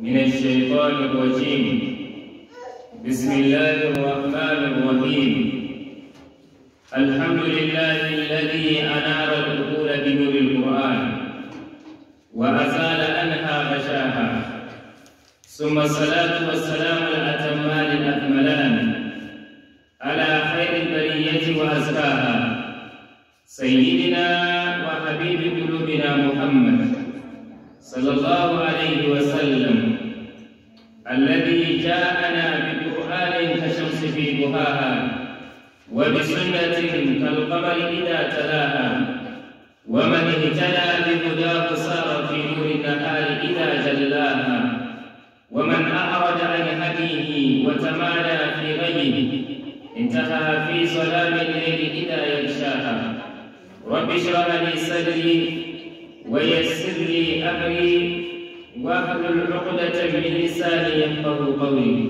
من الشيطان الرجيم بسم الله الرحمن الرحيم الحمد لله الذي أنار الدخول بنور القرآن وأزال أنها غشاها ثم الصلاة والسلام الأتمان الأكملان على خير البرية وأزكاها سيدنا وحبيب قلوبنا محمد صلى الله عليه وسلم الذي جاءنا بقرآن كشمس في بهاها وبسنة كالقمر إذا تلاها ومن اهتدى بهداه سار في نور النهار إذا جلاها ومن أعرج عن هديه وتمالى في غيه انتهى في ظلام الليل إذا يغشاها رب اشرح لي صدري ويسر لي أمري واحلل عقدة من لساني يفقه قولي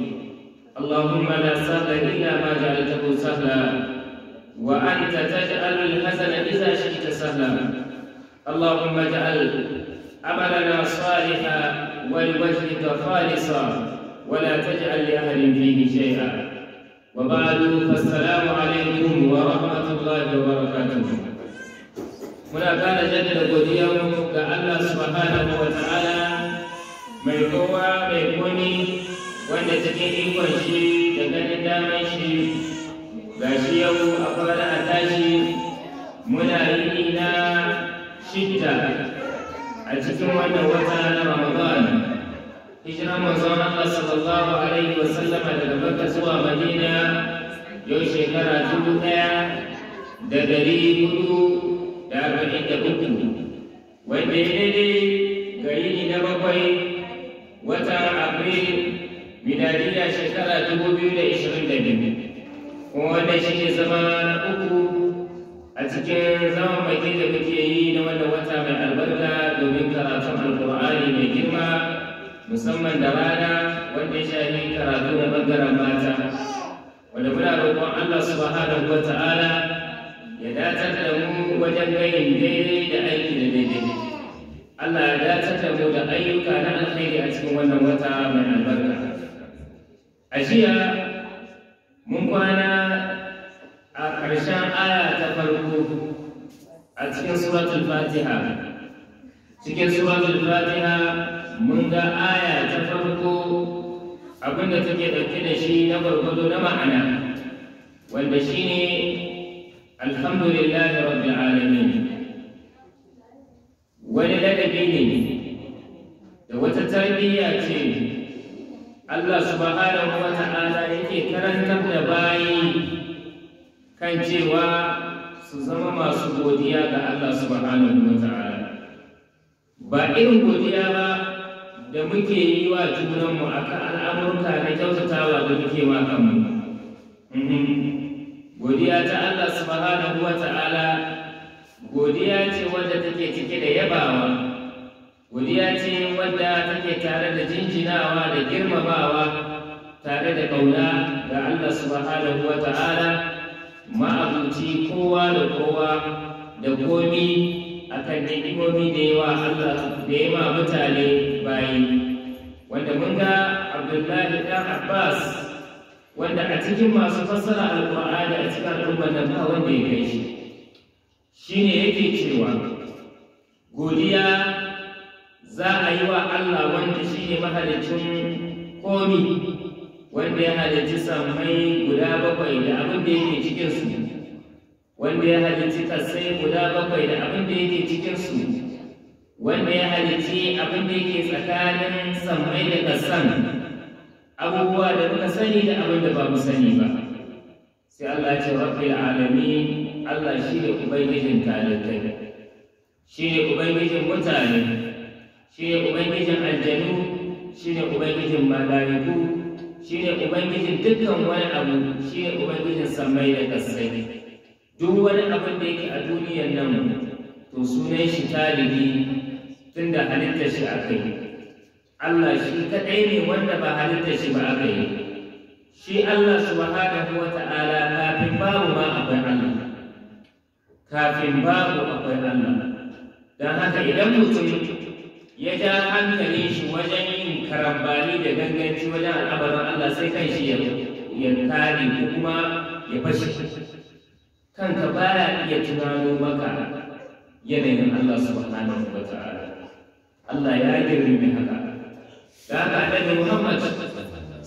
اللهم لا سهل إلا ما جعلته سهلا وأنت تجعل الحزن إذا شئت سهلا اللهم اجعل عملنا صالحا ولوجهك خالصا ولا تجعل لاهل فيه شيئا وبعد فالسلام عليكم ورحمة الله وبركاته muna ƙara jaddada godiya mu ga Allah subhanahu wa ta'ala mai kowa mai komi wanda cikin ikon shi da ganin damar shi ga shi yau a fara a tashi muna yi na shidda a cikin wannan wata na Ramadan hijiran manzon Allah sallallahu alaihi wa sallama daga Makka zuwa Madina yau shekara dubu ɗaya da dari hudu da arba'in da uku ya daidai gari ne na bakwai wata abril miladiya shekara dubu biyu da ishirin da biyu kuma wannan shi ne zama na uku a cikin zaman baki da muke yi na wannan wata mai albarka domin karatun alkur'ani mai girma musamman da rana wanda ya shafi karatu na bangaren mata wanda muna roƙon allah subhanahu wa ta'ala ya datar da mu wajen gayin daidai da aiki da daidai Allah ya dace da mu da ayyuka na a cikin wannan wata mai albarka a jiya mun kwana a ƙarshen aya ta farko a cikin suratul fatiha cikin suratul fatiha mun ga aya ta farko abinda take ɗauke da shi na gwargwado na ma'ana wanda shine الحمد لله رب العالمين wani ladabi ne da wata tarbiyya ce Allah subhanahu wa ta'ala yake karantar da bayi kan cewa su zama masu godiya ga Allah subhanahu wa ba irin godiya ba da muke yi wa junanmu a kan al'amurka na kyautatawa da muke wa kanmu mhm. godiya ta Allah subhanahu wa ta'ala godiya ce wadda take cike da yabawa godiya ce wadda take tare da jinjinawa da girmamawa tare da kauna ga Allah subhanahu wa ta'ala ma'abuci kowa da kowa da komi akan ni'imomi da yawa Allah da yawa mutane bayi wanda mun ga Abdullahi ɗan Abbas wanda a cikin masu fassara alƙur'ani a cikin al'ummar nan ba wanda ya kai shi shine yake cewa godiya za a yi wa Allah wanda shine mahalicin komi wanda ya halicci samai guda bakwai da abin da yake cikin su wanda ya halicci kasai guda bakwai da abin da yake cikin su wanda ya halicci abin da yake tsakanin samai da kasan abubuwa da muka sani da abin da ba mu sani ba sai Allah ce rabbil alamin Allah shi ne ubangijin talibai shi ne ubangijin mutane shi ne ubangijin aljanu shi ne ubangijin malaiku shi ne ubangijin dukkan wani abu shi ne ubangijin samai da kasai duk wani abin da yake a duniyar nan to sunan shi talibi tunda halittar shi aka yi Allah shi kaɗai ne wanda ba halitta shi ba aka yi shi Allah subhanahu wa ta'ala kafin babu ma akwai Allah kafin babu akwai Allah don haka idan mutum ya ja hankali shi wajen yin karambani da ganganci wajen al'abarin Allah sai kan shi ya kare ko kuma ya fashe kanka baya iya tunano maka yanayin Allah subhanahu wa ta'ala Allah ya girme haka da annabi muhammad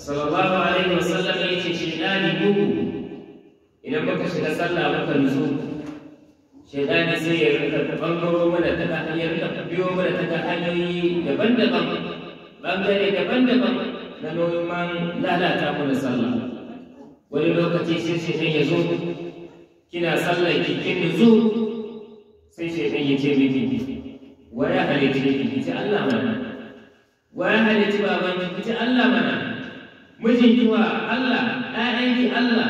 sallallahu alaihi wasallam ya ce shaidani idan muka shiga sallah muka nutsu sai ya rinka bangaro mana ta hanyar rinka biyo mana ta hanyoyi daban-daban bangare daban-daban na noman lalata mana sallah wani lokaci sai shaidan ya zo kina sallah kikin nutsu sai shaidan ya ce miki wani halittu ne ki ce Allah mana wa ya halitta babanki ita Allah mana mijinki wa Allah ɗayanki Allah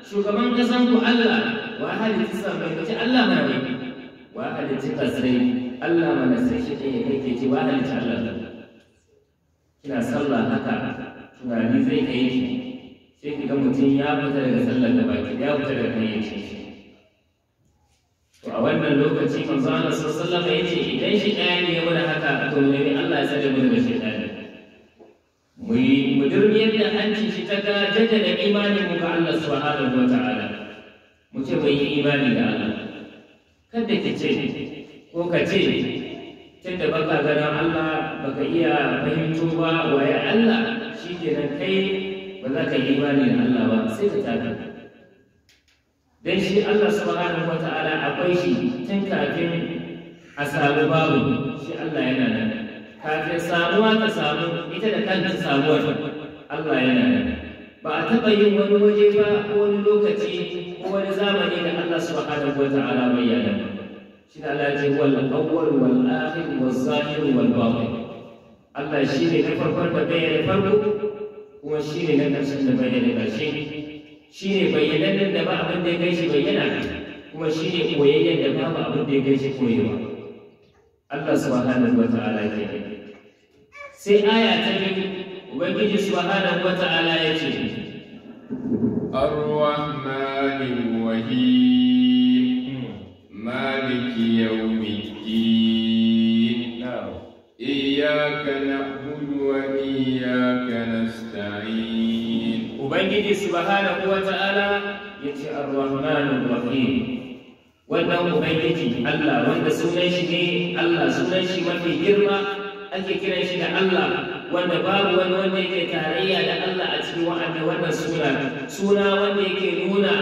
shugaban ƙasanku Allah wa ya halitta sabanki ita Allah mana ne wa ya halitta kasrai Allah mana sai shi ya kai ce wa ya halitta Allah kina sallah haka tunani zai kai shi? sai ki ga mutum ya fita daga sallar da baki ya fita daga hayyace shi to a wannan lokaci manzo Allah sallallahu alaihi wasallam idan shi ɗaya ne ya mana haka to ne Allah ya da mu daga shaytani mu yi mu da hanci shi ta ga jaddada da mu ga Allah subhanahu wa ta'ala mu ce bai yi imani da Allah kada ka ce ko ka ce tunda baka ganin Allah baka iya fahimto ba waye Allah shi kenan kai ba za ka yi imani da Allah ba sai ka tafi dan shi Allah subhanahu wata'ala akwai shi tun kafin a samu babu shi Allah yana nan kafin samuwa ta samu ita da kanta ta Allah yana nan ba a taɓa yin wani waje ba ko wani lokaci ko wani zamani da Allah subhanahu wata'ala bai yana ba shi da Allah ce wal awwal wal akhir wal zahir wal batin Allah shi ne na farkon da bayyana farko kuma shi ne na ƙarshen da bayyana ƙarshe shi ne bayyanannen da ba abin da ya kai shi bayyana kuma shi ne koyayyen da babu abin da ya kai shi koyewa Allah subhanahu wa ta'ala ke sai aya ta biyu ubangiji subhanahu wa ta'ala ya ce ar ubangiji subhanahu wa ta'ala ya ce ar-rahmanur rahim wannan ubangiji Allah wanda sunan shi ne Allah sunan shi mafi girma ake kiran shi da Allah wanda babu wani wanda yake tarayya da Allah a cikin wa'anda wannan suna suna wanda yake nuna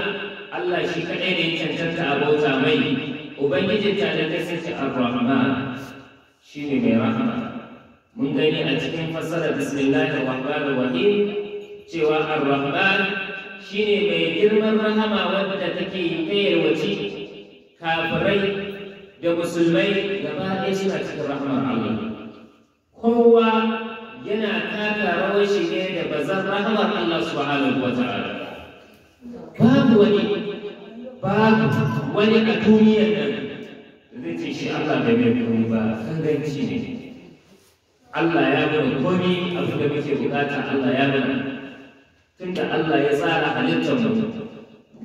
Allah shi kaɗai ne cancanta abota mai ubangijin talakai sun ce ar-rahman ne mai rahama mun gani a cikin fassarar bismillahir rahmanir rahim cewa ar-rahman shine mai girman rahama wadda take kayarwaci kafirai da musulmai gaba ɗaya suna cikin rahman Allah kowa yana taka rawar shi ne da bazan rahamar Allah subhanahu wa ta'ala babu wani babu wani a duniyar nan zai shi Allah da bai komi ba ganganci ne Allah ya gama komi abin da muke bukata Allah ya gama tunda Allah ya tsara halittar mu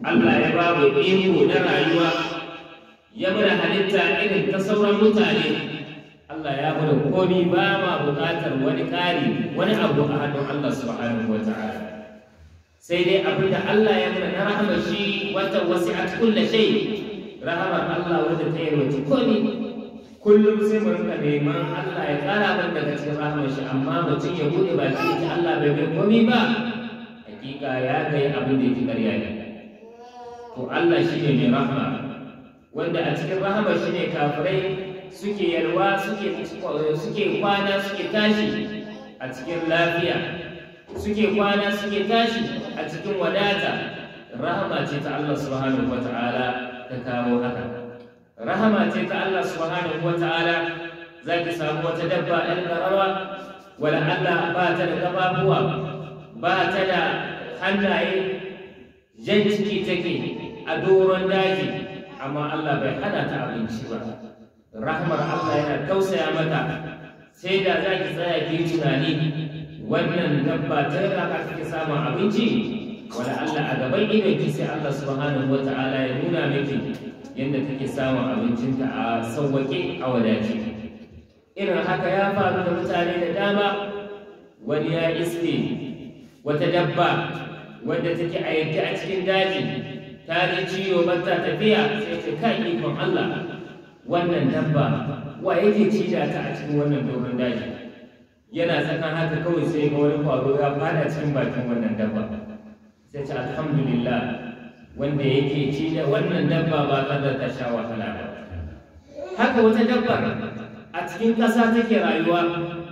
Allah ya ba mu iko na rayuwa ya mana halitta irin ta sauran mutane Allah ya bada komi ba ma buƙatar wani ƙari wani abu a hannun Allah subhanahu wa ta'ala sai dai abin da Allah ya mana na rahama shi wata wasi'at kullu shay rahamar Allah wanda ta yi komi kullum sai mu rinka neman Allah ya ƙara mana daga cikin rahamar shi amma mutum ya buɗe baki Allah bai bai komi ba hakika ya kai abin da yake ƙarya ne to Allah shine mai rahma wanda a cikin rahama shine kafirai suke yalwa suke suke kwana suke tashi a cikin lafiya suke kwana suke tashi a cikin wadata rahama ce ta Allah subhanahu wataala ta kawo haka rahama ce ta Allah subhanahu wa za ki samu wata dabba ɗan ƙararwa wala Allah ba ta da ƙafafuwa ba ta da hannaye jan ciki take a doron daji amma Allah bai hada ta abinci ba rahmar Allah yana tausaya mata sai da za ki tsaya ki tunani wannan dabba ta raka kike samun abinci wala Allah a gaban idan ki sai Allah subhanahu wata'ala ya nuna miki yadda take samun abincinta a sauwaƙe a wadaci irin haka ya faru da mutane da dama wani ya iske wata dabba wadda take a yanke a cikin daji ta ji ciwo ba tafiya sai ta kan ikon Allah wannan dabba wa yake cija ta a cikin wannan dogon daji yana tsakan haka kawai sai ga wani kwaro ya fada cikin bakin wannan dabba sai ce alhamdulillah wanda yake ci da wannan dabba ba kadar ta sha wahala ba haka wata dabbar a cikin ƙasa take rayuwa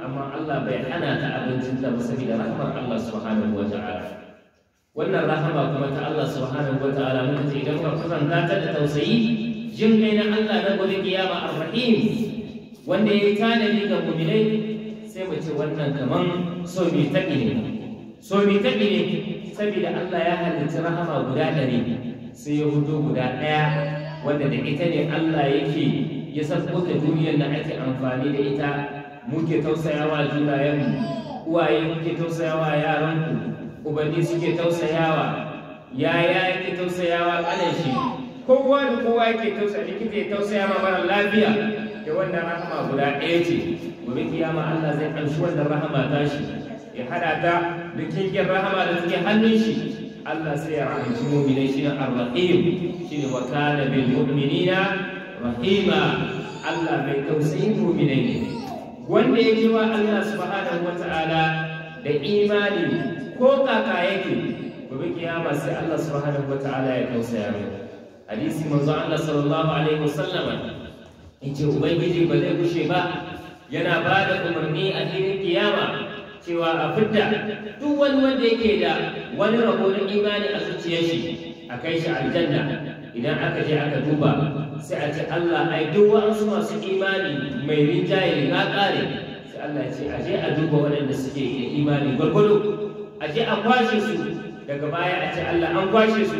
amma Allah bai hana ta abincin ta ba saboda rahmar Allah subhanahu wa ta'ala wannan rahama kuma ta Allah subhanahu wa ta'ala mun ce idan ka kusanta ta da tausayi jin kai na Allah na gobe kiyama ar wanda ya tanadi ga mu'minai sai mu ce wannan kaman so mai taƙi ne so mai ne saboda Allah ya halitta rahama guda ɗari sai ya hudo guda ɗaya wanda da ita ne Allah yake ya sabbuka duniyar da ake amfani da ita muke tausayawa junayenmu uwaye muke tausayawa yaranku ubanni suke tausayawa yaya yake tausayawa kanan shi kowa da kowa yake tausaya likita ya tausaya ma mara lafiya da wannan rahama guda ɗaya ce gobe kiyama Allah zai ƙarshi wannan rahama ta shi ya hada ta da kinkin rahama da suke hannun shi Allah sai ya rahanci mu'minai na ar-rahim shine wa kana bil mu'minina rahima Allah mai tausayin mu'minai ne wanda ya wa Allah subhanahu wa ta'ala da imani ko kaka yake gobe kiyama sai Allah subhanahu wa ta'ala ya tausaya mai hadisi manzo Allah sallallahu alaihi in ce ubangiji ba zai kushe ba yana ba da umarni a filin kiyama cewa a fidda duk wani wanda yake da wani rabo na imani a zuciyar shi a kai shi aljanna idan aka je aka duba sai a ce Allah ai duk wa'ansu masu imani mai rinjaye na ƙare sai Allah ce a je a duba waɗanda suke da imani gwargwado a je a kwashe su daga baya a ce Allah an kwashe su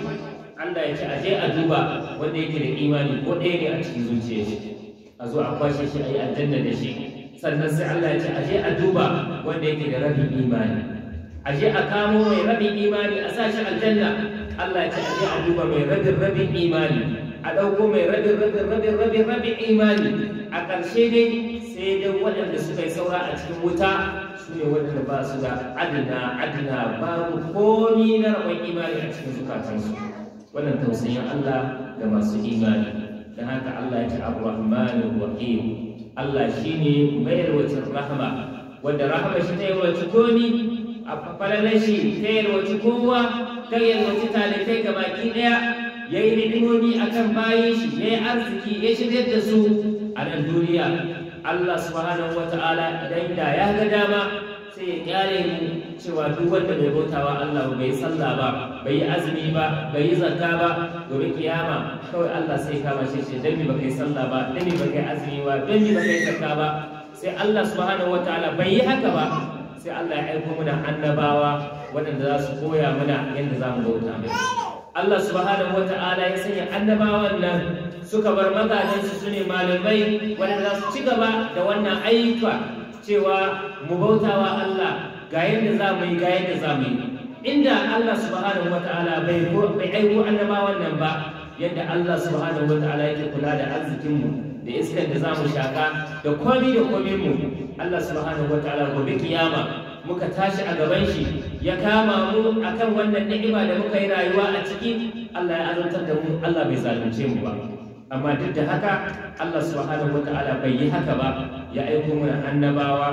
Allah ya ce a je a duba wanda yake da imani ko ɗaya ne a cikin zuciya shi a zo a kwashe shi a yi aljanna da shi sannan sai Allah ya ce a je a duba wanda yake da rabin imani a je a kamo mai rabin imani a sa shi aljanna Allah ya ce a je duba mai rabin rabin imani a ɗauko mai rabin rabin rabin rabin rabin imani a ƙarshe dai sai dai waɗanda suka yi saura a cikin wuta su ne waɗanda ba su da adina adina babu komi na rabon imani a cikin zukatansu wannan tausayin Allah da masu imani da haka Allah ya ce ar-rahmanir rahim Allah shine mayar wacin rahama wanda rahama shi ne wacce komi a falalar shi ta yalwaci kowa ta yalwaci talibai ga baki ɗaya ya yi ni'imomi a kan bayan shi ya yi arziki ya shigar da su a nan duniya Allah subhanahu wa ta'ala idan da ya ga dama sai ya kyale mu cewa duk wanda bai bautawa Allah ba bai sallah ba bai yi azumi ba bai yi zakka ba gobe kiyama kawai Allah sai kama shi ce dan sallah ba dan me azumi ba dan me zakka ba sai Allah subhanahu wataala bai yi haka ba sai Allah ya aiko mana annabawa waɗanda za su koya mana yadda za mu bauta mai Allah subhanahu wa ta'ala ya sanya annabawan nan suka bar mazajensu su ne malamai waɗanda za su ci gaba da wannan ayyuka cewa mu bautawa Allah ga yadda za mu yi ga yadda za mu yi inda Allah subhanahu wa ta'ala bai aiko annabawan nan ba yadda Allah subhanahu wa ta'ala yake kula da arzikinmu da iskan da za mu shaka, da komi da komi mu Allah subhanahu wataala gobe kiyama muka tashi a gaban shi ya kama mu akan wannan ni'ima da muka yi rayuwa a ciki Allah ya azantar da mu Allah bai zalunce mu ba amma duk da haka Allah subhanahu wataala bai yi haka ba ya aiko mana annabawa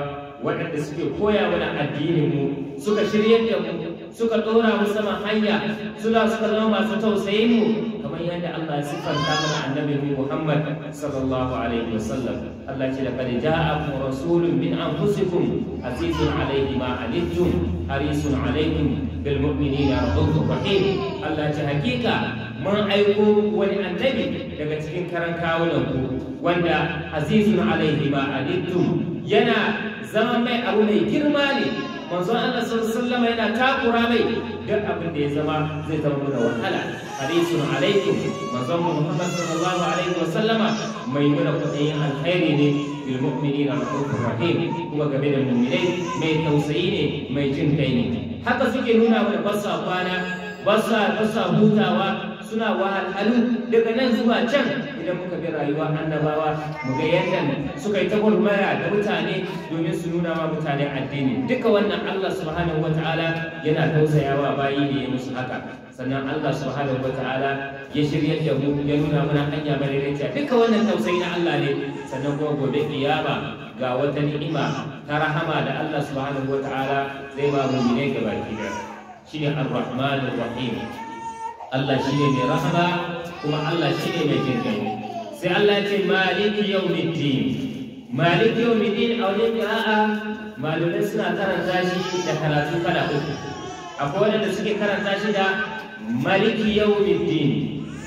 waɗanda suke koya mana addinin mu suka shiryar da mu suka ɗora mu sama hanya suna suka zama masu tausayin mu kamar yadda Allah ya sifanta mana annabi Muhammad sallallahu alaihi wasallam Allah ce laqad ja'akum rasulun min anfusikum azizun alaihi ma anittum harisun alaikum bil mu'minina rahmatun rahim Allah ce hakika mun aiko wani annabi daga cikin karan kawunan ku wanda azizun alaihi ma anittum yana zama mai abu mai girma ne manzon Allah sallallahu alaihi yana takura mai duk abin da ya zama zai zama mana wahala hadisun alaikum manzon Muhammad sallallahu alaihi wasallama mai nuna kudayin alkhairi ne bil mu'minina rahmatur rahim kuma game da mu'minai mai tausayi ne mai jin kai ne haka suke nuna mana basa kwana basa basa hutawa suna wahalhalu daga nan zuwa can idan muka bi rayuwa annabawa mu ga yadda suka yi ta gurmaya da mutane domin su nuna wa mutane addini duka wannan Allah subhanahu wataala yana tausayawa bayi ne ya musu haka sannan Allah subhanahu wataala ya shirya da mu ya nuna mana hanya madaidaiciya duka wannan tausayi na Allah ne sannan kuma gobe kiyama ga wata ni'ima ta rahama da Allah subhanahu wataala zai ba mu ne gaba ɗaya shine ar-rahmanir rahim Allah shi ne mai rahama kuma Allah shi ne mai jinkai sai Allah ce maliki yawmiddin maliki yawmiddin a wajen qira'a malumai suna karanta shi da karatu kala uku akwai wanda suke karanta shi da maliki yawmiddin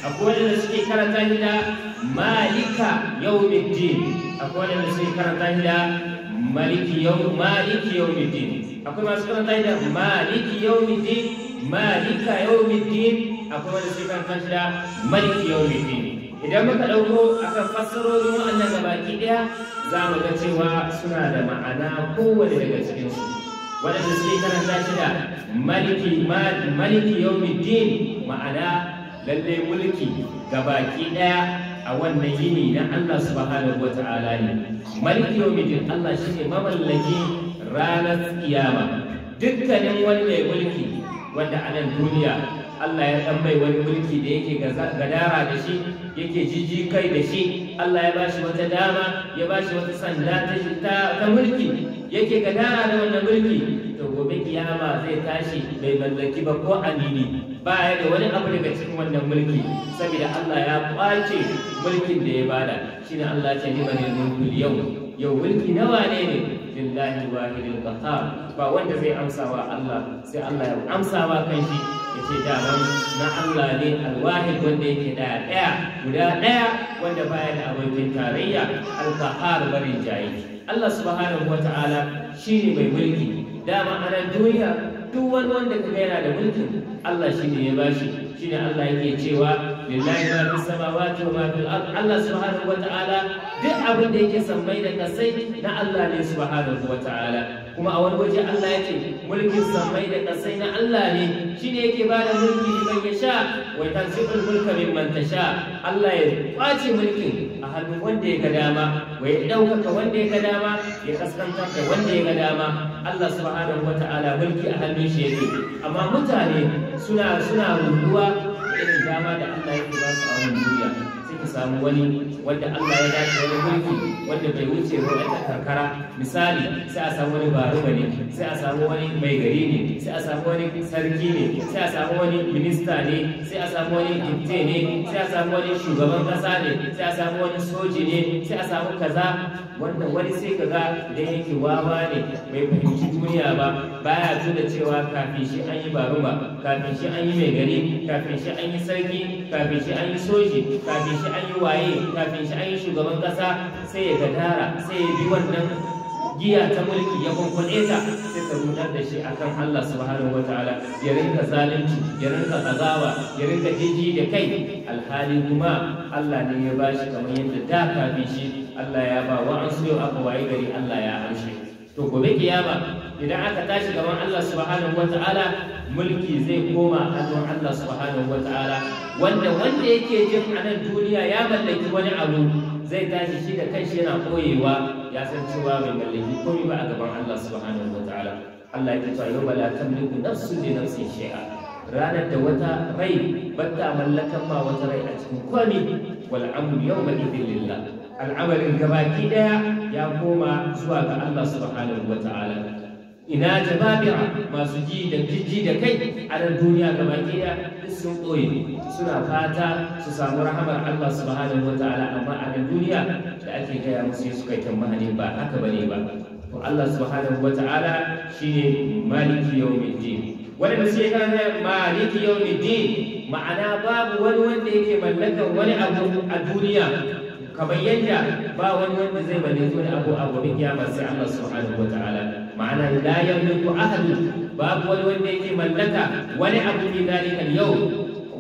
akwai wanda suke karanta shi da malika yau yawmiddin akwai wanda suke karanta shi da maliki yau maliki yawmiddin akwai masu karanta shi da maliki yawmiddin malika yawmiddin akwai wanda sai kan kanta da maliki yau mai dini idan muka ɗauko akan fassarorin waɗannan gabaki ɗaya za mu ga cewa suna da ma'ana kowane daga cikinsu waɗanda suke karanta shi da maliki maliki yau mai dini ma'ana lallai mulki gabaki ɗaya a wannan yini na Allah subhanahu wata'ala ne maliki yawmiddin Allah shine mamallaki ranar kiyama dukkanin wani mai mulki wanda a nan duniya Allah ya ɗan mai wani mulki da yake gadara da shi yake jiji kai da shi Allah ya bashi wata dama ya bashi wata sanda ta mulki yake gadara da wannan mulki to gobe kiyama zai tashi bai mallaki ba ko amini ba ya da wani abu daga cikin wannan mulki saboda Allah ya kwace mulkin da ya bada shine Allah ya ce ni bane yau yau mulki nawa ne ne lillahi wahidil qahhar ba wanda zai amsa wa Allah sai Allah ya amsa amsawa kanshi yace daman na Allah ne alwahid wanda yake da daya guda daya wanda baya da abokin tarayya al bari jayi Allah subhanahu wataala shine mai mulki dama anan duniya duk wani wanda kuma yana da mulki, Allah shine ya bashi shine Allah yake cewa lillahi ma fi samawati wa ma fil ard Allah subhanahu wa ta'ala duk abin da yake sammai da kasai na Allah ne subhanahu wa ta'ala kuma a wani waje Allah yake mulkin sammai da kasai na Allah ne shine yake ba da mulki liman yasha wa tansibul mulka mimman tasha Allah ya kwace mulkin a hannun wanda ya ga dama wa ya ɗaukaka wanda ya ga dama ya kaskantar da wanda ya ga dama Allah subhanahu wa ta'ala mulki a hannun shi yake amma mutane suna suna irin dama da Allah ya ba su a samu wani wanda Allah ya dace wani mulki wanda bai wuce ba a karkara misali sai a samu wani baruba ne sai a samu wani mai gari ne sai a samu wani sarki ne sai a samu wani minista ne sai a samu wani dipte ne sai a samu wani shugaban kasa ne sai a samu wani soji ne sai a samu kaza wanda wani sai kaga da yake wawa ne bai fahimci duniya ba baya tuna cewa kafin shi an yi baruba kafin shi an yi mai gari kafin shi an yi sarki kafin shi an yi soji kafin shi an yi waye kafin shi an yi shugaban ƙasa, sai ya gadara sai ya bi wannan giya ta mulki ya kwankwane ta sai ka rutar da shi akan Allah subhanahu wataala ya rinka zalunci ya rinka azawa ya rinka jiji da kai alhali kuma Allah ne ya bashi kamar yadda ta kafin shi Allah ya ba wa'ansu yau aka waye gari Allah ya amshe to gobe kiyama idan aka tashi gaban Allah subhanahu wata'ala mulki zai koma hannun Allah subhanahu wata'ala wanda wanda yake jin a nan duniya ya mallaki wani abu zai tashi shi da kanshi yana koyewa ya san cewa bai mallaki komai ba a gaban Allah subhanahu wata'ala Allah ya ce yau bala tamliku nafsu li nafsin shay'a ranar da wata rai bata mallakan ma wata rai a cikin komai wal amru yawma idin lillah al'amarin gabaki daya ya koma zuwa ga Allah subhanahu wata'ala ina jama'a masu ji da jiji da kai a nan duniya gaba baki sun koyi suna fata su samu rahamar Allah subhanahu wa ta'ala amma a nan duniya da ake gaya musu su kai kan mahani ba haka bane ba to Allah subhanahu wa shine maliki yawmiddin da sai ka ga maliki yawmiddin ma'ana babu wani wanda yake mallakan wani abu a duniya kamar yadda ba wani wanda zai mallaki wani abu a gobe kiyama sai Allah subhanahu wa ma'ana la yamliku ahadun babu wani wanda yake mallaka wani abu fi kan yau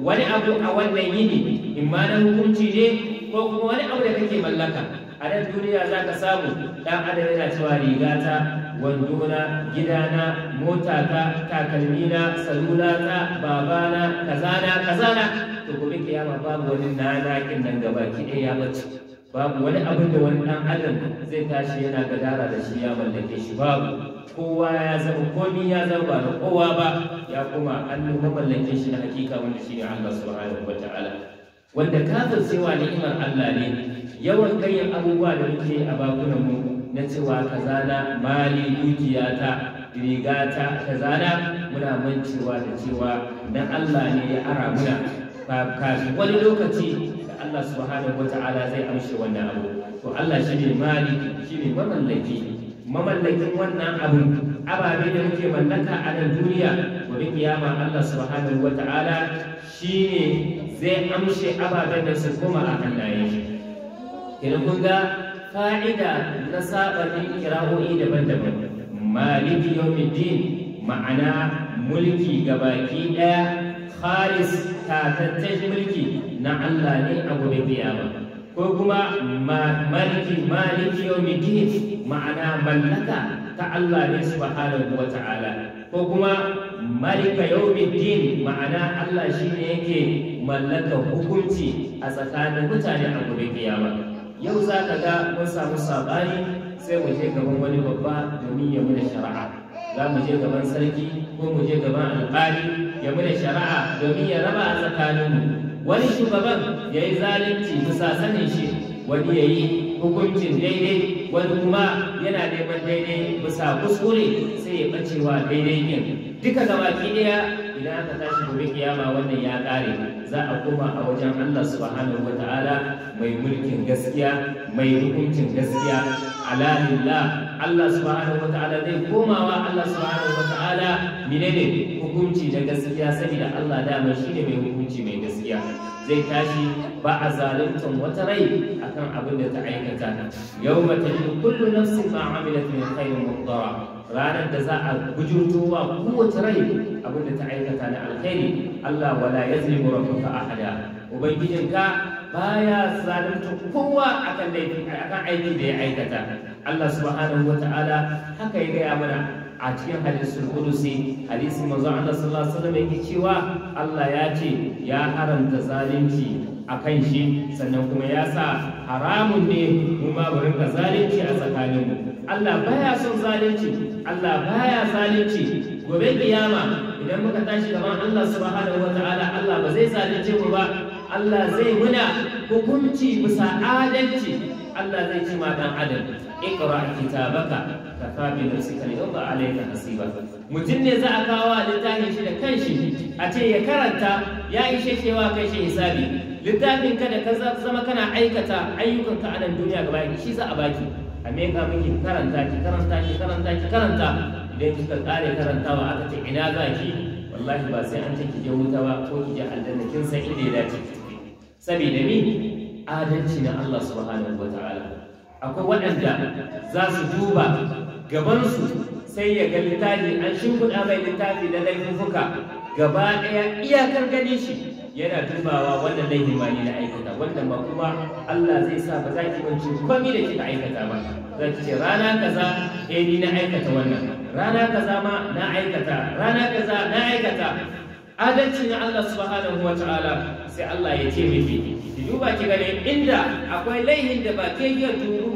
wani abu a wannan yini in na hukunci ne ko kuma wani abu da kake mallaka a nan duniya za ka samu ɗan adam yana cewa rigata wandona gidana motata takalmina salulata babana kazana kazana to gobe kiyama babu wani nanakin nan gaba ki ɗaya ya bace babu wani abin da wani ɗan adam zai tashi yana gadara da shi ya mallake shi babu kowa ya zama komi ya zama ba da kowa ba ya kuma an mallake shi na hakika wanda shi ne Allah subhanahu wa ta'ala wanda kafin cewa ni'imar Allah ne yawan kayan abubuwa da muke a bakunan mu na cewa kazana mali dukiyata rigata kazana muna mancewa da cewa na Allah ne ya ara muna kafin wani lokaci Allah subhanahu wata'ala zai amshe wannan abu to Allah shine maliki shine mamallaki mamallakin wannan abu ababe da muke mallaka a nan duniya gobe kiyama Allah subhanahu wata'ala shine zai amshe ababen da su a hannaye. shi idan kun ga fa'ida na sabanin kira'o'i daban-daban maliki yawmiddin ma'ana mulki gabaki daya khalis tataccen mulki na Allah ne a gobe kiyama ko kuma maliki maliki yawmiddin ma'ana mallaka ta Allah ne subhanahu wa ta'ala ko kuma malika yawmiddin ma'ana Allah shine yake mallaka hukunci a tsakanin mutane a gobe ba. yau za ka ga mun samu sabani sai muje gaban wani babba domin ya mana shari'a za mu je gaban sarki ko muje gaban alƙali ya da shari'a domin ya raba a tsakaninmu wani shugaban ya yi zalunci bisa sanin shi wani ya yi hukuncin daidai wani kuma yana neman daidai bisa kuskure sai ya bacewa daidai yin duka gaba ɗaya idan aka tashi gobe kiyama wannan ya kare za a koma a wajen Allah subhanahu wa ta'ala mai mulkin gaskiya mai hukuncin gaskiya ala Allah subhanahu wa ta'ala zai komawa Allah subhanahu wa ta'ala menene hukunci na gaskiya saboda Allah dama shi ne mai hukunci mai gaskiya zai tashi ba a zaluntan wata rai akan abin da ta aikata yau ba ta yi kullu nafsin ma amilat min khairin mudara ranar da za a bujurtowa kowace rai abin da ta aikata na alkhairi Allah wala yazlimu rabbuka ahada ubangijinka baya zalunta kowa akan laifin akan aiki da ya aikata Allah subhanahu wataala haka ya gaya mana a cikin hadisul sai hadisi manzo Allah sallallahu alaihi wasallam yake cewa Allah ya ce ya haramta zalunci akan shi sannan kuma ya sa haramun ne mu ma mu zalunci a tsakanin mu Allah baya son zalunci Allah baya zalunci gobe kiyama idan muka tashi gaban Allah subhanahu wataala Allah ba zai zalunce mu ba Allah zai muna hukunci bisa adalci Allah zai ce ma dan adam iqra kitabaka kafa bi nafsika ba yawma alayka hasiba mutum ne za a kawo littafin shi da kanshi a ce ya karanta ya ishe cewa kai shi hisabi littafin ka da ka zama kana aikata ayyukan ka a nan duniya gaba ɗaya shi za a baki a me ka miki karanta ki karanta ki karanta ki karanta idan kika kare karantawa aka ce ina za ki wallahi ba sai an ce ki je wuta ba ko ki je aljanna kin san inda ya dace saboda ni adalci na Allah subhanahu wataala akwai waɗanda za su duba gabansu sai ya ga littafi an shimfiɗa mai littafi na laifuka gaba ɗaya iyakar gani shi yana dubawa wannan laifi ma ne na aikata wanda ma kuma Allah zai sa ba za ki bance komai da kika aikata ba za ki ce rana kaza eh ni na aikata wannan rana kaza ma na aikata rana kaza na aikata adalci na Allah subhanahu wa sai Allah ya ce miki ki duba ki gane inda akwai laihin da ba ke yi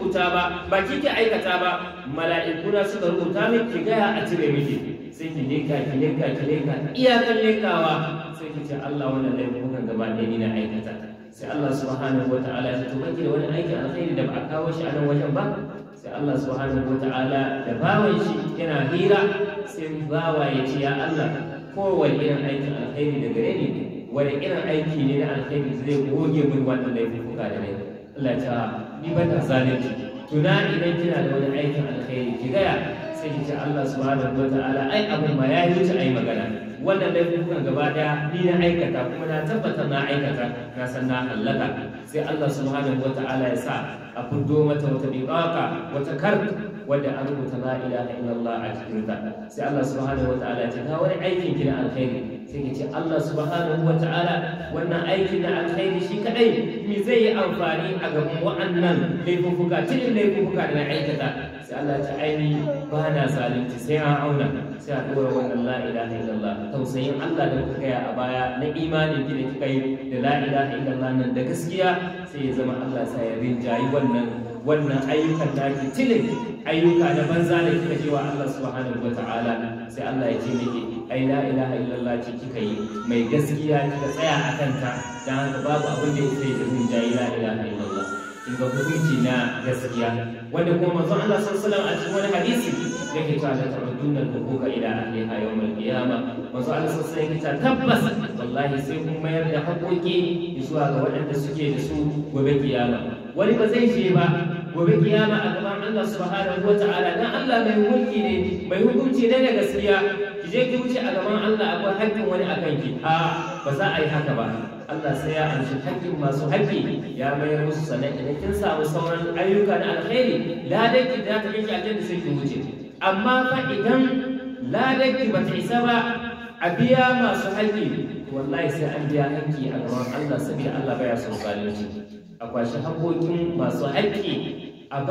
rubuta ba ba ki aikata ba mala'ikuna suka rubuta min ki gaya a cire miki sai ki leka ki leka ki leka iyakan lekawa sai ki ce Allah wannan laifukan gaba ɗaya ni na aikata sai Allah subhanahu wa ta'ala ya tuba ki da wani aikin alkhairi da ba a kawo shi a nan wajen ba sai Allah subhanahu wa ta'ala da bawan shi yana hira sai bawa ya ce ya Allah kowane irin aikin alkhairi da gare ni wani irin aiki ne na alkhairi zai goge min wannan laifuka da rai Allah ta ibadar zalunci tuna idan kina da wani aikin alkhairi ki gaya sai ki ce Allah subhanahu wataala ai abin ma ya yi ai magana wannan kuka gaba daya ni na aikata kuma na tabbata na aikata na san na hallaka sai Allah subhanahu wataala ya sa a fito mata wata biqaka wata kar wanda an rubuta la ilaha illallah a cikin ta sai Allah subhanahu wataala ya ce ga wani aikin kina alkhairi sai ya ce Allah subhanahu wata'ala wannan aikin na alkhairi shi kadai mi zai yi amfani a gaban wa'annan laifuffuka cikin laifuka da na aikata sai Allah ta aini ba na zalunci sai an auna sai a dora wannan la ilaha illallah tausayin Allah da kuka gaya a baya na imanin ki da kika yi da la ilaha illallah nan da gaskiya sai ya zama Allah sa ya rinjayi wannan wannan ayyukan da ake tilin ayyuka na banza da kika yi wa Allah subhanahu wataala sai Allah ya ce miki ai la ilaha illallah ce kika yi mai gaskiya kika tsaya a kanta dan haka babu abin da yake da mun jayi la ilaha illallah in ga hukunci na gaskiya wanda kuma manzon Allah sallallahu alaihi wasallam a cikin wani hadisi yake cewa da ta'duna da huquqa ila ahliha yawm qiyamah manzon Allah sallallahu alaihi wasallam yake tabbas wallahi sai kun mayar da hakoki zuwa ga waɗanda suke da su gobe kiyama wani ba zai je ba gobe kiyama a gaban Allah subhanahu wata'ala dan Allah mai mulki ne mai hukunci ne da gaskiya ki je ki wuce a gaban Allah akwai haƙƙin wani akan ki a ba za a yi haka ba Allah sai ya amshi haƙƙin masu haƙƙi ya mayar musu sanan idan kin samu sauran ayyuka na alkhairi ladan ki da ta kike aljanna sai ki wuce amma fa idan ladan ki ba ta isa ba a biya masu haƙƙi wallahi sai an biya haƙƙi a gaban Allah saboda Allah baya son zalunci akwashi kwashi haƙoƙin masu haƙƙi a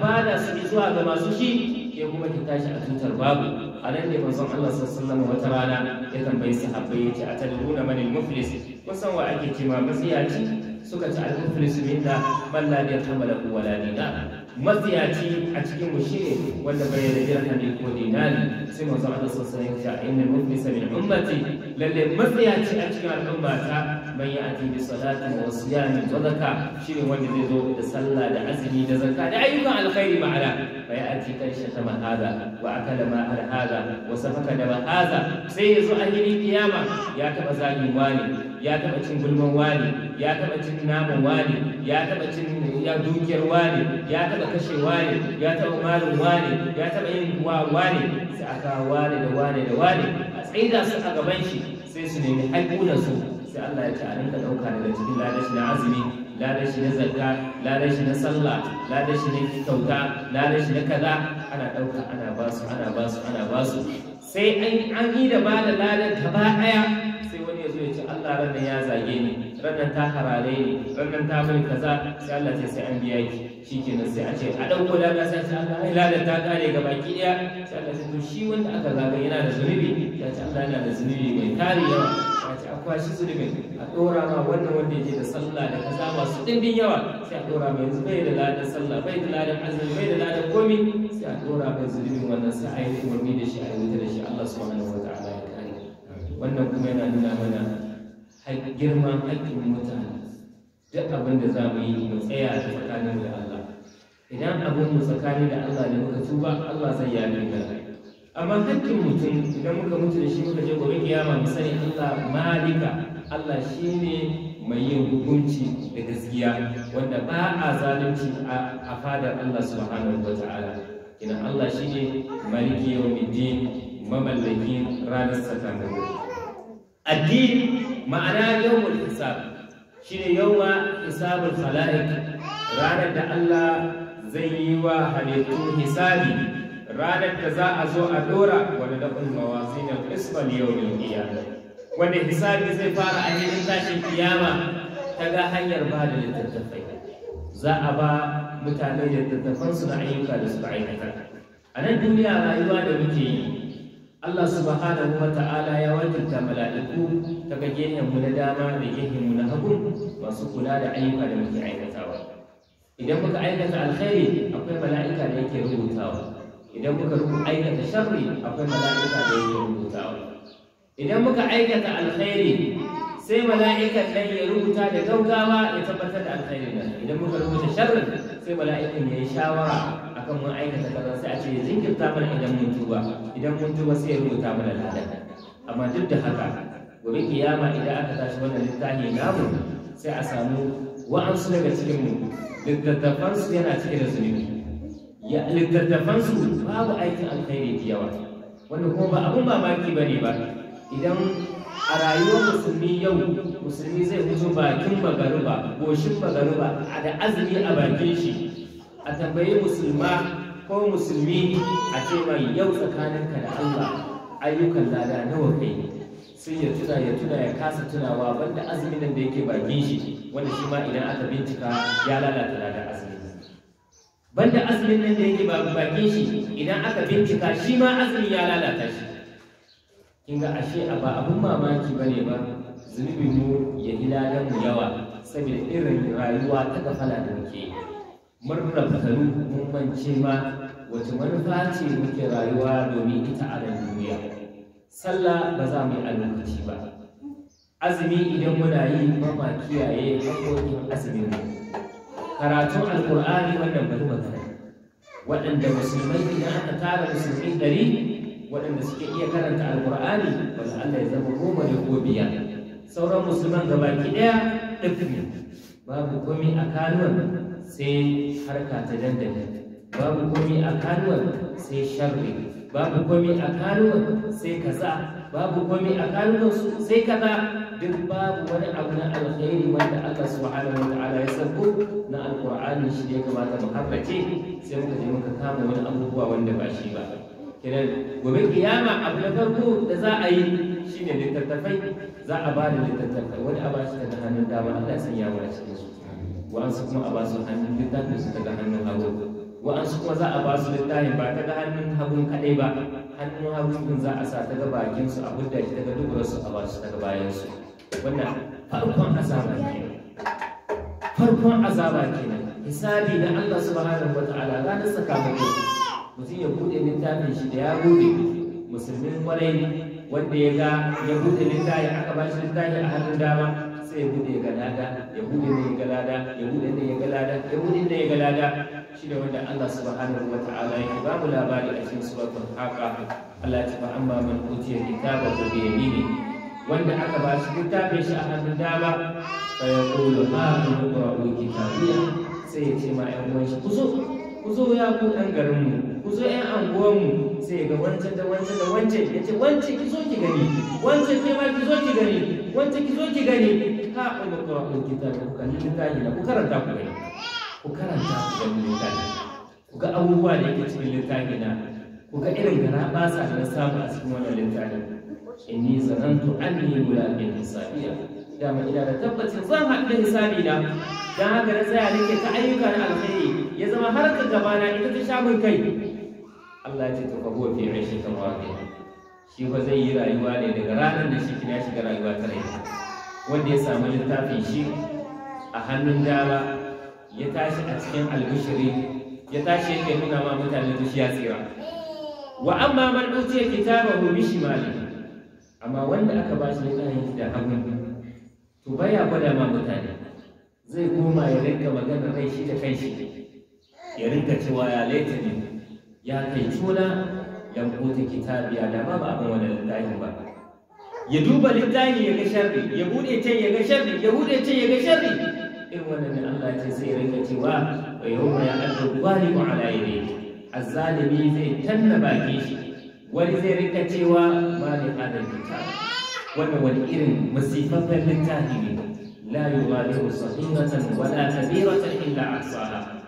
bada su zuwa ga masu shi ya kuma ki tashi a tutar babu a nan ne manzon Allah sallallahu wata rana ya tambayi ya yace a talibuna manil muflis kusan wa ake ma matsiyaci suka ci al muflis min da ban la yaqbalu wala dina maziyaci a cikin mu shine wanda bai da dirhami ko dinari sai mu Allah sallallahu alaihi wasallam innal muflisa min ummati lalle maziyaci a cikin al'umma ta man ya'ti bi salati wa siyami wa zakka shine wanda zai zo da sallah da azumi da zakka da ayyukan alkhairi ma'ana fa ya'ti kan ta hada wa akala ma al hada wa safaka da ma hada sai yazo a hili kiyama ya taba zagin wani ya taba cin gulman wani ya taba cin naman wani ya taɓa cin ya dukiyar wane ya taɓa kashe wane ya taɓa malin wane ya taɓa yin kuwa wane sai aka wane da wane da wane a tsaida su a gaban shi sai su nemi su. sai Allah ya ce a rinka ɗauka daga cikin ladashi na azumi ladan shi na zakka ladan shi na sallah ladan shi na kyauta ladan shi na kaza ana ɗauka ana basu ana basu ana basu sai an yi da ba da ladan gaba ɗaya sai wani ya zo ya ce Allah ranar ya zage ni rannan ta harare ne rannan ta mai kaza sai Allah ce sai an biya ki shikenan sai a ce a dauko lada sai ce Allah lada ta kare ga baki daya sai Allah ce to shi wanda aka zaga yana da zunubi ya ce Allah yana da zunubi mai kare yawa ya ce akwai shi zunubi. a dora ma wannan wanda yake da sallah da kaza masu dindin yawa sai a dora mai yanzu bai da ladan sallah bai da ladan azumi bai da ladan komi sai a dora mai zunubin wannan sai a yi umarni da shi a yi wuta da shi Allah subhanahu wa ta'ala ya kare wannan kuma yana nuna mana girman haƙƙin mutane duk abin da za mu yi mu tsaya da tsakanin da Allah idan abin mu tsakani da Allah ne muka tuba Allah zai ya dinga amma haƙƙin mutum idan muka mutu da shi muka je gobe kiyama mu sani Allah malika Allah shine mai yin hukunci da gaskiya wanda ba a zalunci a fadar Allah subhanahu wataala ina Allah shine maliki yawmiddin mamallakin ranar sakamako addini ma'ana yawmul hisab shine yawma hisabul khalaiq ranar da Allah zai yi wa hisabi ranar da za a zo a dora wani da kun mawazin al-isfal yawmil qiyamah wanda hisabi zai fara a cikin tashin kiyama ta ga hanyar ba da littattafai za a ba mutane littattafansu na ayyuka da su aikata a nan duniya rayuwa da muke yi Allah subhanahu wa ta'ala ya wakilta mala'iku ta ga mu na dama da mu na hagu masu kula da ayyuka da muke aikatawa idan muka aikata alkhairi akwai mala'ika da yake rubutawa idan muka aikata sharri akwai mala'ika da yake rubutawa idan muka aikata alkhairi sai mala'ika nan ya rubuta da gaugawa ya tabbatar da alkhairin nan idan muka rubuta sharrin sai mala'ikan ya yi shawara akan mun aikata kaza sai a ce jinkirta mana idan mun tuba idan mun tuba sai ya rubuta mana lada amma duk da haka gobe kiyama idan aka tashi wannan littafi namu sai a samu wa'ansu daga cikin mu su yana cike da zunubi ya su babu aikin alkhairi da yawa wanda kuma ba abun mamaki ba ne ba idan a rayuwar musulmi yau musulmi zai fito bakin bagaruba goshin bagaruba da azumi a bakin shi a tambayi musulma ko musulmi a ce mai yau tsakaninka da Allah ayyukan lada nawa kai sai ya tuna ya tuna ya kasa tunawa banda azumin nan da yake bakin shi wanda shi ma idan aka bincika ya lalata lada azumin banda azumin nan da yake bakin shi idan aka bincika shi ma azumin ya lalata shi kin ga ashe a ba abun mamaki bane ba zunubi mu ya yi ladan mu yawa saboda irin rayuwa ta kafala da muke yi marrafsanu mun mance ma wace manufa ce muke rayuwa domin ita a nan duniya sallah ba za mu yi a lokaci ba azumi idan muna yi ba kiyaye haƙoƙin azumin mu karatun alƙur'ani wannan bari kai. waɗanda musulmai idan aka tara musulmi ɗari waɗanda suke iya karanta ba wanda Allah ya zama goma ne ko biyar sauran musulman gabaki ɗaya ɗin babu komai a kanuwan sai harka ta dandali babu komi a kanuwar sai sharri babu komi a kanuwar sai kaza babu komi a kanuwar sai kaza duk babu wani abu na alkhairi wanda Allah subhanahu wa ta'ala ya sako na alqur'ani shi ne kamata mu haddace sai muka je muka kama wani abubuwa wanda ba shi ba kenan gobe kiyama abu na farko da za a yi shine littattafai za a ba da littattafai wani a ba shi da hannun dama Allah ya sanya wa cikin su wa'ansu kuma a ba su hannun littafin su daga hannun hagu wa'ansu kuma za a ba su littafin ba ta ga hannun hagun kaɗai ba hannun hagun din za a sa ta ga bakin su a hudda shi daga duburar su a ba su daga bayan su wannan farkon azaba kenan farkon azaba kenan hisabi da Allah subhanahu wataala ranar sakamako mutum ya bude littafin shi da ya bude musulmin kwarai wanda ya ga ya bude littafi aka ba shi littafi a hannun dama sai ya bude ga lada ya bude ne ga lada ya bude ne ga lada ya bude ne ga lada shi da wanda Allah subhanahu wa ta'ala yake ba mu labari a cikin suratul haqa Allah ya tafi amma man utiya kitabahu bi yamini wanda aka ba shi littafin shi a hannun dama fa yaqulu ha qura'u kitabiya sai ya ce ma ƴan uwan shi kuzo kuzo ya ku ɗan garin mu kuzo ƴan anguwan mu sai ga wancan da wancan da wancan ya ce wancan ki zo ki gani wancan ke ma ki zo ki gani wancan ki zo ki gani ha ulqa alkitab bukan littafi da ku karanta ku gani ku karanta ku gani littafi ku ga abubuwa da yake cikin littafi na ku ga irin gara basa da na samu a cikin wannan littafi inni zanantu anni mulaqin hisabiya dama ina da tabbacin zan haɗu da hisabi na Don haka na tsaya nake ta ayyuka na alkhairi ya zama har ka gaba na ita ta sha min kai Allah ya ce to ka huwa fi aishatin waqi'a shi ba zai yi rayuwa ne daga ranar da shi kina shiga rayuwa ta rai wanda ya samu littafin shi a hannun dama ya tashi a cikin albishiri ya tashi yake nuna ma mutane ya tsira wa amma man utiya kitabahu bi shimali amma wanda aka ba shi littafin da hagu. to baya gwada ma mutane zai koma ya rinka magana kai shi da kai shi ya rinka cewa ya laita ne ya kai tuna lamkuta kitabiya da ba abin wani littafin ba ya duba littafi ya ga sharri ya bude can ya ga sharri ya bude can ya ga sharri in wannan Allah ce sai ya rinka cewa wa yawma ya zalimu ala yadayhi azzalimi zai tanna baki shi wani zai rinka cewa ba ne hadal ta wannan wani irin masifaffen littafi ne la yuwalu sahihatan wala kabiratan illa ahsaha